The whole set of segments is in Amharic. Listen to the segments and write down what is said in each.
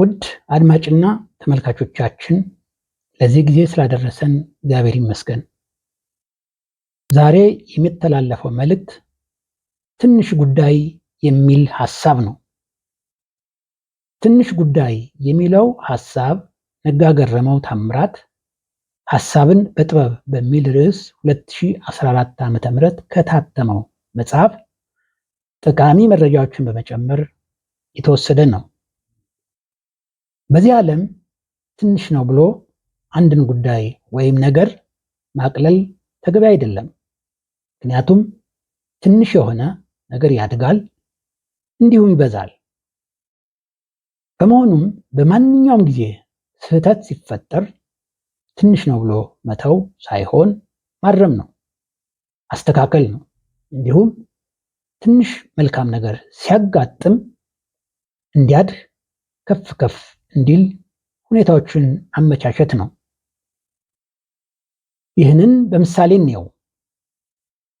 ውድ አድማጭና ተመልካቾቻችን ለዚህ ጊዜ ስላደረሰን እግዚአብሔር ይመስገን። ዛሬ የሚተላለፈው መልእክት ትንሽ ጉዳይ የሚል ሐሳብ ነው። ትንሽ ጉዳይ የሚለው ሐሳብ ነጋገረመው ታምራት ሐሳብን በጥበብ በሚል ርዕስ 2014 ዓ.ም ከታተመው መጽሐፍ ጠቃሚ መረጃዎችን በመጨመር የተወሰደ ነው። በዚህ ዓለም ትንሽ ነው ብሎ አንድን ጉዳይ ወይም ነገር ማቅለል ተገቢ አይደለም። ምክንያቱም ትንሽ የሆነ ነገር ያድጋል፣ እንዲሁም ይበዛል። በመሆኑም በማንኛውም ጊዜ ስህተት ሲፈጠር ትንሽ ነው ብሎ መተው ሳይሆን ማረም ነው፣ አስተካከል ነው። እንዲሁም ትንሽ መልካም ነገር ሲያጋጥም እንዲያድግ ከፍ ከፍ እንዲል ሁኔታዎችን አመቻቸት ነው። ይህንን በምሳሌ እንየው።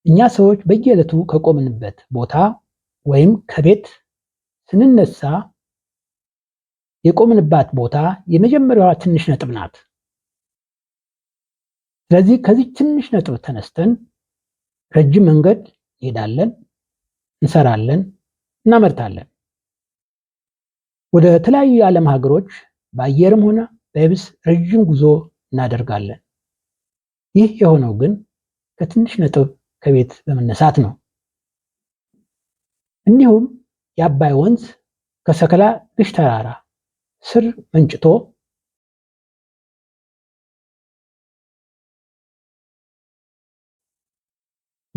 እኛ ሰዎች በየዕለቱ ከቆምንበት ቦታ ወይም ከቤት ስንነሳ የቆምንባት ቦታ የመጀመሪያዋ ትንሽ ነጥብ ናት። ስለዚህ ከዚህ ትንሽ ነጥብ ተነስተን ረጅም መንገድ እንሄዳለን፣ እንሰራለን፣ እናመርታለን። ወደ ተለያዩ የዓለም ሀገሮች በአየርም ሆነ በየብስ ረዥም ጉዞ እናደርጋለን። ይህ የሆነው ግን ከትንሽ ነጥብ ከቤት በመነሳት ነው። እንዲሁም የአባይ ወንዝ ከሰከላ ግሽ ተራራ ስር መንጭቶ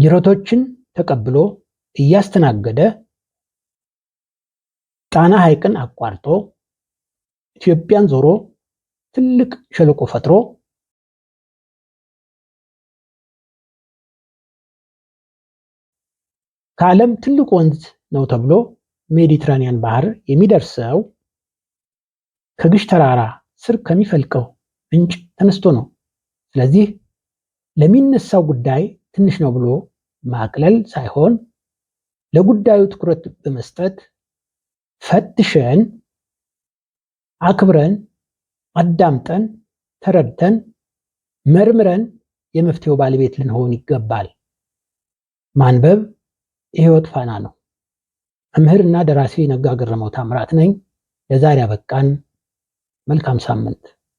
ጅረቶችን ተቀብሎ እያስተናገደ ጣና ሐይቅን አቋርጦ ኢትዮጵያን ዞሮ ትልቅ ሸለቆ ፈጥሮ ከዓለም ትልቁ ወንዝ ነው ተብሎ ሜዲትራኒያን ባህር የሚደርሰው ከግሽ ተራራ ስር ከሚፈልቀው ምንጭ ተነስቶ ነው። ስለዚህ ለሚነሳው ጉዳይ ትንሽ ነው ብሎ ማቅለል ሳይሆን ለጉዳዩ ትኩረት በመስጠት ፈትሸን አክብረን አዳምጠን ተረድተን መርምረን የመፍትሄው ባለቤት ልንሆን ይገባል። ማንበብ የህይወት ፋና ነው። መምህርና ደራሲ ነጋ ገረመው ታምራት ነኝ። ለዛሬ አበቃን። መልካም ሳምንት